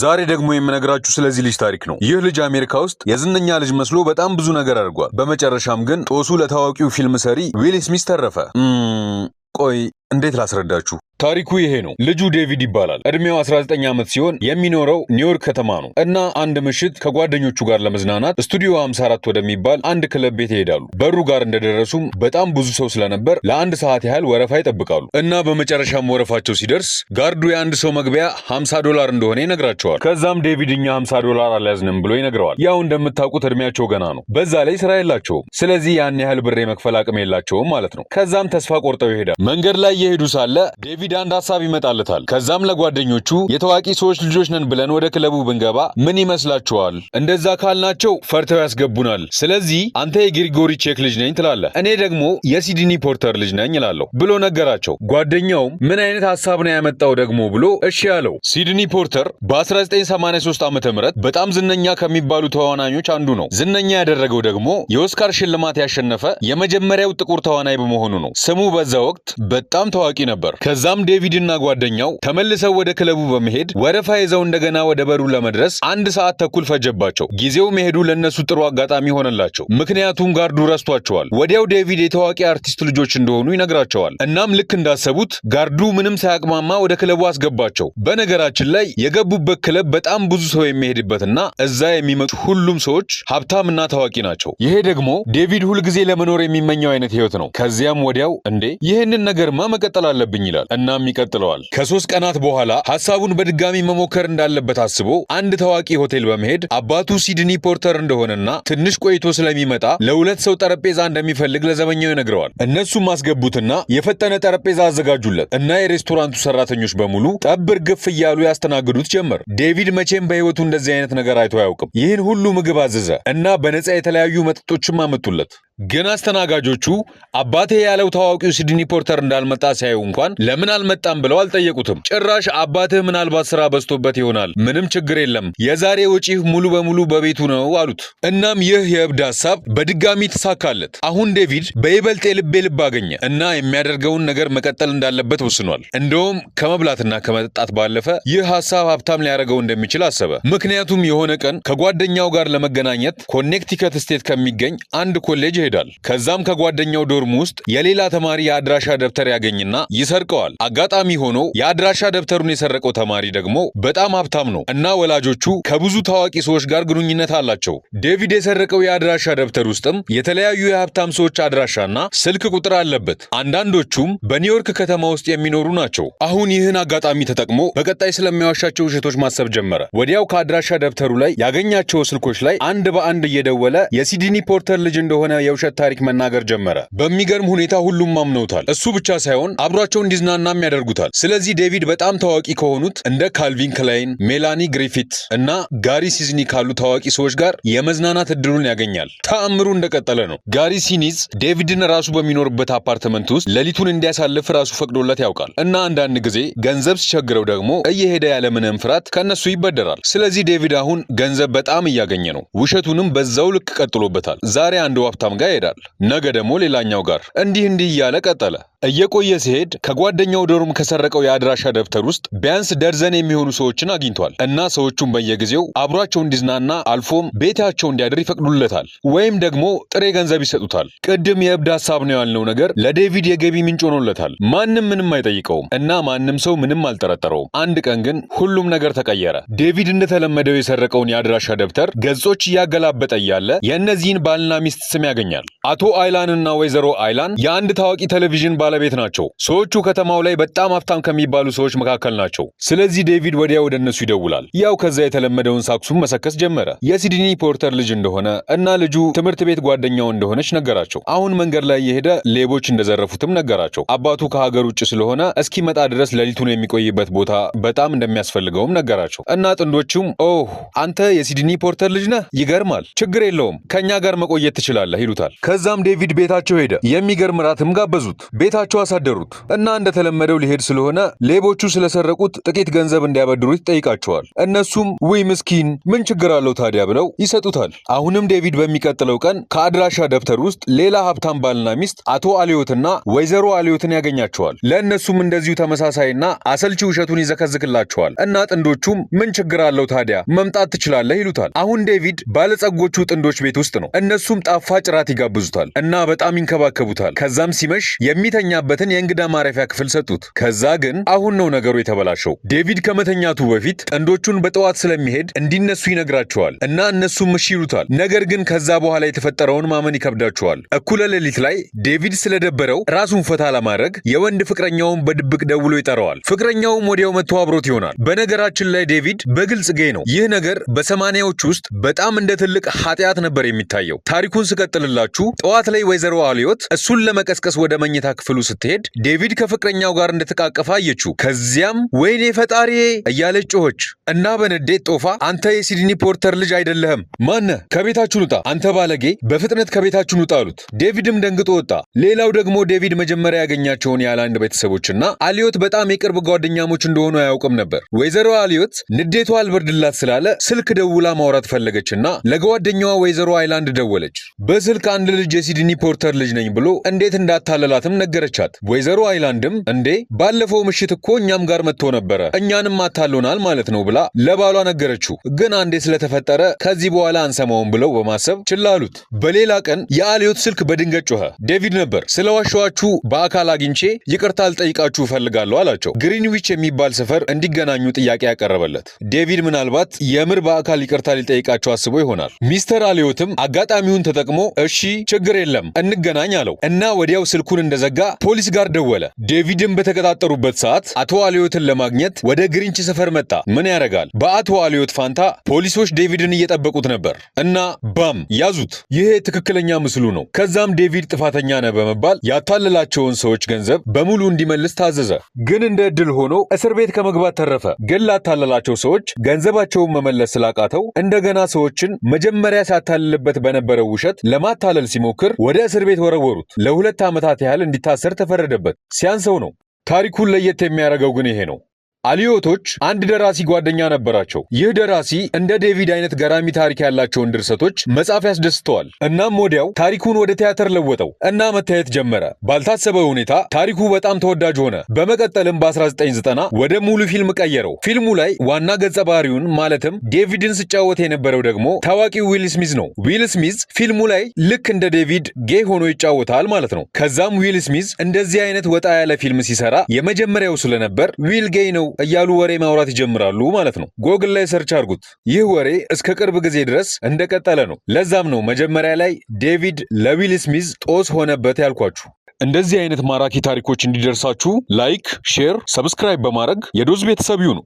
ዛሬ ደግሞ የምነግራችሁ ስለዚህ ልጅ ታሪክ ነው። ይህ ልጅ አሜሪካ ውስጥ የዝነኛ ልጅ መስሎ በጣም ብዙ ነገር አድርጓል። በመጨረሻም ግን ጦሱ ለታዋቂው ፊልም ሰሪ ዊል ስሚዝ ተረፈ። ቆይ እንዴት ላስረዳችሁ? ታሪኩ ይሄ ነው። ልጁ ዴቪድ ይባላል። እድሜው 19 ዓመት ሲሆን የሚኖረው ኒውዮርክ ከተማ ነው እና አንድ ምሽት ከጓደኞቹ ጋር ለመዝናናት ስቱዲዮ 54 ወደሚባል አንድ ክለብ ቤት ይሄዳሉ። በሩ ጋር እንደደረሱም በጣም ብዙ ሰው ስለነበር ለአንድ ሰዓት ያህል ወረፋ ይጠብቃሉ እና በመጨረሻም ወረፋቸው ሲደርስ ጋርዱ የአንድ ሰው መግቢያ 50 ዶላር እንደሆነ ይነግራቸዋል። ከዛም ዴቪድ እኛ 50 ዶላር አልያዝንም ብሎ ይነግረዋል። ያው እንደምታውቁት እድሜያቸው ገና ነው፣ በዛ ላይ ስራ የላቸውም። ስለዚህ ያን ያህል ብር የመክፈል አቅም የላቸውም ማለት ነው። ከዛም ተስፋ ቆርጠው ይሄዳል። መንገድ ላይ እየሄዱ ሳለ ዴቪድ አንድ ሀሳብ ይመጣለታል። ከዛም ለጓደኞቹ የታዋቂ ሰዎች ልጆች ነን ብለን ወደ ክለቡ ብንገባ ምን ይመስላችኋል? እንደዛ ካልናቸው ፈርተው ያስገቡናል። ስለዚህ አንተ የግሪጎሪ ቼክ ልጅ ነኝ ትላለህ፣ እኔ ደግሞ የሲድኒ ፖርተር ልጅ ነኝ እላለሁ ብሎ ነገራቸው። ጓደኛውም ምን አይነት ሀሳብ ነው ያመጣው ደግሞ ብሎ እሺ ያለው። ሲድኒ ፖርተር በ1983 ዓ ም በጣም ዝነኛ ከሚባሉ ተዋናኞች አንዱ ነው። ዝነኛ ያደረገው ደግሞ የኦስካር ሽልማት ያሸነፈ የመጀመሪያው ጥቁር ተዋናይ በመሆኑ ነው። ስሙ በዛ ወቅት በጣም በጣም ታዋቂ ነበር። ከዛም ዴቪድና ጓደኛው ተመልሰው ወደ ክለቡ በመሄድ ወረፋ ይዘው እንደገና ወደ በሩ ለመድረስ አንድ ሰዓት ተኩል ፈጀባቸው። ጊዜው መሄዱ ለእነሱ ጥሩ አጋጣሚ ሆነላቸው፣ ምክንያቱም ጋርዱ ረስቷቸዋል። ወዲያው ዴቪድ የታዋቂ አርቲስት ልጆች እንደሆኑ ይነግራቸዋል። እናም ልክ እንዳሰቡት ጋርዱ ምንም ሳያቅማማ ወደ ክለቡ አስገባቸው። በነገራችን ላይ የገቡበት ክለብ በጣም ብዙ ሰው የሚሄድበትና እዛ የሚመጡ ሁሉም ሰዎች ሀብታምና ታዋቂ ናቸው። ይሄ ደግሞ ዴቪድ ሁልጊዜ ለመኖር የሚመኘው አይነት ህይወት ነው። ከዚያም ወዲያው እንዴ ይህንን ነገርማ መቀጠል አለብኝ ይላል። እናም ይቀጥለዋል። ከሶስት ቀናት በኋላ ሀሳቡን በድጋሚ መሞከር እንዳለበት አስቦ አንድ ታዋቂ ሆቴል በመሄድ አባቱ ሲድኒ ፖርተር እንደሆነና ትንሽ ቆይቶ ስለሚመጣ ለሁለት ሰው ጠረጴዛ እንደሚፈልግ ለዘበኛው ይነግረዋል። እነሱም አስገቡትና የፈጠነ ጠረጴዛ አዘጋጁለት እና የሬስቶራንቱ ሰራተኞች በሙሉ ጠብ እርግፍ እያሉ ያስተናግዱት ጀመር። ዴቪድ መቼም በህይወቱ እንደዚህ አይነት ነገር አይቶ አያውቅም። ይህን ሁሉ ምግብ አዘዘ እና በነፃ የተለያዩ መጠጦችም አመጡለት። ግን አስተናጋጆቹ አባቴ ያለው ታዋቂው ሲድኒ ፖርተር እንዳልመጣ ሲያዩ እንኳን ለምን አልመጣም ብለው አልጠየቁትም። ጭራሽ አባትህ ምናልባት ስራ በዝቶበት ይሆናል፣ ምንም ችግር የለም፣ የዛሬ ወጪህ ሙሉ በሙሉ በቤቱ ነው አሉት። እናም ይህ የእብድ ሀሳብ በድጋሚ ተሳካለት። አሁን ዴቪድ በይበልጥ የልቤ ልብ አገኘ እና የሚያደርገውን ነገር መቀጠል እንዳለበት ወስኗል። እንደውም ከመብላትና ከመጠጣት ባለፈ ይህ ሀሳብ ሀብታም ሊያደርገው እንደሚችል አሰበ። ምክንያቱም የሆነ ቀን ከጓደኛው ጋር ለመገናኘት ኮኔክቲከት ስቴት ከሚገኝ አንድ ኮሌጅ ይሄዳል። ከዛም ከጓደኛው ዶርም ውስጥ የሌላ ተማሪ የአድራሻ ደብተር ያገኝና ይሰርቀዋል። አጋጣሚ ሆኖ የአድራሻ ደብተሩን የሰረቀው ተማሪ ደግሞ በጣም ሀብታም ነው እና ወላጆቹ ከብዙ ታዋቂ ሰዎች ጋር ግንኙነት አላቸው። ዴቪድ የሰረቀው የአድራሻ ደብተር ውስጥም የተለያዩ የሀብታም ሰዎች አድራሻና ስልክ ቁጥር አለበት። አንዳንዶቹም በኒውዮርክ ከተማ ውስጥ የሚኖሩ ናቸው። አሁን ይህን አጋጣሚ ተጠቅሞ በቀጣይ ስለሚያዋሻቸው ውሸቶች ማሰብ ጀመረ። ወዲያው ከአድራሻ ደብተሩ ላይ ያገኛቸው ስልኮች ላይ አንድ በአንድ እየደወለ የሲድኒ ፖርተር ልጅ እንደሆነ የውሸት ታሪክ መናገር ጀመረ። በሚገርም ሁኔታ ሁሉም አምነውታል። እሱ ብቻ ሳይሆን አብሯቸው እንዲዝናናም ያደርጉታል። ስለዚህ ዴቪድ በጣም ታዋቂ ከሆኑት እንደ ካልቪን ክላይን፣ ሜላኒ ግሪፊት እና ጋሪ ሲዝኒ ካሉ ታዋቂ ሰዎች ጋር የመዝናናት እድሉን ያገኛል። ተአምሩ እንደቀጠለ ነው። ጋሪ ሲኒዝ ዴቪድን ራሱ በሚኖርበት አፓርትመንት ውስጥ ሌሊቱን እንዲያሳልፍ ራሱ ፈቅዶለት ያውቃል እና አንዳንድ ጊዜ ገንዘብ ሲቸግረው ደግሞ እየሄደ ያለምንም ፍርሃት ከእነሱ ይበደራል። ስለዚህ ዴቪድ አሁን ገንዘብ በጣም እያገኘ ነው። ውሸቱንም በዛው ልክ ቀጥሎበታል። ዛሬ አንድ ሀብታም ጋር ጋር ይሄዳል። ነገ ደግሞ ሌላኛው ጋር እንዲህ እንዲህ እያለ ቀጠለ። እየቆየ ሲሄድ ከጓደኛው ዶርም ከሰረቀው የአድራሻ ደብተር ውስጥ ቢያንስ ደርዘን የሚሆኑ ሰዎችን አግኝቷል እና ሰዎቹን በየጊዜው አብሯቸው እንዲዝናና አልፎም ቤታቸው እንዲያድር ይፈቅዱለታል ወይም ደግሞ ጥሬ ገንዘብ ይሰጡታል። ቅድም የእብድ ሀሳብ ነው ያልነው ነገር ለዴቪድ የገቢ ምንጭ ሆኖለታል። ማንም ምንም አይጠይቀውም እና ማንም ሰው ምንም አልጠረጠረውም። አንድ ቀን ግን ሁሉም ነገር ተቀየረ። ዴቪድ እንደተለመደው የሰረቀውን የአድራሻ ደብተር ገጾች እያገላበጠ እያለ የእነዚህን ባልና ሚስት ስም ያገኛል። ይገኛል። አቶ አይላንና ወይዘሮ አይላን የአንድ ታዋቂ ቴሌቪዥን ባለቤት ናቸው። ሰዎቹ ከተማው ላይ በጣም ሀብታም ከሚባሉ ሰዎች መካከል ናቸው። ስለዚህ ዴቪድ ወዲያ ወደ እነሱ ይደውላል። ያው ከዛ የተለመደውን ሳክሱን መሰከስ ጀመረ። የሲድኒ ፖርተር ልጅ እንደሆነ እና ልጁ ትምህርት ቤት ጓደኛው እንደሆነች ነገራቸው። አሁን መንገድ ላይ የሄደ ሌቦች እንደዘረፉትም ነገራቸው። አባቱ ከሀገር ውጭ ስለሆነ እስኪመጣ ድረስ ሌሊቱን የሚቆይበት ቦታ በጣም እንደሚያስፈልገውም ነገራቸው እና ጥንዶቹም ኦህ አንተ የሲድኒ ፖርተር ልጅ ነህ፣ ይገርማል፣ ችግር የለውም ከእኛ ጋር መቆየት ትችላለህ ይሉታል። ይሉታል። ከዛም ዴቪድ ቤታቸው ሄደ። የሚገርም ራትም ጋበዙት። ቤታቸው አሳደሩት እና እንደተለመደው ሊሄድ ስለሆነ ሌቦቹ ስለሰረቁት ጥቂት ገንዘብ እንዲያበድሩት ይጠይቃቸዋል። እነሱም ውይ ምስኪን፣ ምን ችግር አለው ታዲያ ብለው ይሰጡታል። አሁንም ዴቪድ በሚቀጥለው ቀን ከአድራሻ ደብተር ውስጥ ሌላ ሀብታም ባልና ሚስት አቶ አልዮትና ወይዘሮ አልዮትን ያገኛቸዋል። ለእነሱም እንደዚሁ ተመሳሳይና አሰልቺ ውሸቱን ይዘከዝክላቸዋል እና ጥንዶቹም ምን ችግር አለው ታዲያ መምጣት ትችላለህ ይሉታል። አሁን ዴቪድ ባለጸጎቹ ጥንዶች ቤት ውስጥ ነው። እነሱም ጣፋጭ ራት ለራት ይጋብዙታል እና በጣም ይንከባከቡታል። ከዛም ሲመሽ የሚተኛበትን የእንግዳ ማረፊያ ክፍል ሰጡት። ከዛ ግን አሁን ነው ነገሩ የተበላሸው። ዴቪድ ከመተኛቱ በፊት ጥንዶቹን በጠዋት ስለሚሄድ እንዲነሱ ይነግራቸዋል እና እነሱም እሺ ይሉታል። ነገር ግን ከዛ በኋላ የተፈጠረውን ማመን ይከብዳቸዋል። እኩለ ሌሊት ላይ ዴቪድ ስለደበረው ራሱን ፈታ ለማድረግ የወንድ ፍቅረኛውን በድብቅ ደውሎ ይጠራዋል። ፍቅረኛውም ወዲያው መጥቶ አብሮት ይሆናል። በነገራችን ላይ ዴቪድ በግልጽ ጌይ ነው። ይህ ነገር በሰማኒያዎች ውስጥ በጣም እንደ ትልቅ ኃጢአት ነበር የሚታየው። ታሪኩን ስቀጥልላ ታውቃላችሁ? ጠዋት ላይ ወይዘሮ አልዮት እሱን ለመቀስቀስ ወደ መኝታ ክፍሉ ስትሄድ ዴቪድ ከፍቅረኛው ጋር እንደተቃቀፈ አየችው። ከዚያም ወይኔ ፈጣሪ እያለች ጮኸች እና በንዴት ጦፋ አንተ የሲድኒ ፖርተር ልጅ አይደለህም፣ ማነ ከቤታችን ውጣ፣ አንተ ባለጌ! በፍጥነት ከቤታችሁ ውጣ አሉት። ዴቪድም ደንግጦ ወጣ። ሌላው ደግሞ ዴቪድ መጀመሪያ ያገኛቸውን የአላንድ ቤተሰቦችና አልዮት በጣም የቅርብ ጓደኛሞች እንደሆኑ አያውቅም ነበር። ወይዘሮ አልዮት ንዴቷ አልበርድላት ስላለ ስልክ ደውላ ማውራት ፈለገችና ለጓደኛዋ ወይዘሮ አይላንድ ደወለች። በስልክ ከአንድ ልጅ የሲድኒ ፖርተር ልጅ ነኝ ብሎ እንዴት እንዳታለላትም ነገረቻት። ወይዘሮ አይላንድም እንዴ ባለፈው ምሽት እኮ እኛም ጋር መጥቶ ነበረ እኛንም አታሎናል ማለት ነው ብላ ለባሏ ነገረችው። ግን አንዴ ስለተፈጠረ ከዚህ በኋላ አንሰማውም ብለው በማሰብ ችላ አሉት። በሌላ ቀን የአልዮት ስልክ በድንገት ጮኸ። ዴቪድ ነበር። ስለ ዋሸዋችሁ በአካል አግኝቼ ይቅርታ ልጠይቃችሁ እፈልጋለሁ አላቸው። ግሪንዊች የሚባል ሰፈር እንዲገናኙ ጥያቄ ያቀረበለት ዴቪድ ምናልባት የምር በአካል ይቅርታ ሊጠይቃቸው አስቦ ይሆናል። ሚስተር አልዮትም አጋጣሚውን ተጠቅሞ እሺ እሺ ችግር የለም እንገናኝ አለው እና ወዲያው ስልኩን እንደዘጋ ፖሊስ ጋር ደወለ። ዴቪድን በተቀጣጠሩበት ሰዓት አቶ አልዮትን ለማግኘት ወደ ግሪንች ሰፈር መጣ። ምን ያደርጋል፣ በአቶ አልዮት ፋንታ ፖሊሶች ዴቪድን እየጠበቁት ነበር እና ባም ያዙት። ይሄ ትክክለኛ ምስሉ ነው። ከዛም ዴቪድ ጥፋተኛ ነህ በመባል ያታለላቸውን ሰዎች ገንዘብ በሙሉ እንዲመልስ ታዘዘ። ግን እንደ እድል ሆኖ እስር ቤት ከመግባት ተረፈ። ግን ላታለላቸው ሰዎች ገንዘባቸውን መመለስ ስላቃተው እንደገና ሰዎችን መጀመሪያ ሲያታልልበት በነበረው ውሸት ለማታ ለማታለል ሲሞክር ወደ እስር ቤት ወረወሩት። ለሁለት ዓመታት ያህል እንዲታሰር ተፈረደበት። ሲያንሰው ነው። ታሪኩን ለየት የሚያደርገው ግን ይሄ ነው። አልዮቶች አንድ ደራሲ ጓደኛ ነበራቸው። ይህ ደራሲ እንደ ዴቪድ አይነት ገራሚ ታሪክ ያላቸውን ድርሰቶች መጻፍ ያስደስተዋል። እናም ወዲያው ታሪኩን ወደ ቲያትር ለወጠው እና መታየት ጀመረ። ባልታሰበ ሁኔታ ታሪኩ በጣም ተወዳጅ ሆነ። በመቀጠልም በ1990 ወደ ሙሉ ፊልም ቀየረው። ፊልሙ ላይ ዋና ገጸ ባህሪውን ማለትም ዴቪድን ሲጫወት የነበረው ደግሞ ታዋቂው ዊል ስሚዝ ነው። ዊል ስሚዝ ፊልሙ ላይ ልክ እንደ ዴቪድ ጌይ ሆኖ ይጫወታል ማለት ነው። ከዛም ዊል ስሚዝ እንደዚህ አይነት ወጣ ያለ ፊልም ሲሰራ የመጀመሪያው ስለነበር ዊል ጌይ ነው እያሉ ወሬ ማውራት ይጀምራሉ ማለት ነው። ጎግል ላይ ሰርች አድርጉት። ይህ ወሬ እስከ ቅርብ ጊዜ ድረስ እንደቀጠለ ነው። ለዛም ነው መጀመሪያ ላይ ዴቪድ ለዊል ስሚዝ ጦስ ሆነበት ያልኳችሁ። እንደዚህ አይነት ማራኪ ታሪኮች እንዲደርሳችሁ ላይክ፣ ሼር፣ ሰብስክራይብ በማድረግ የዶዝ ቤተሰብ ይሁኑ።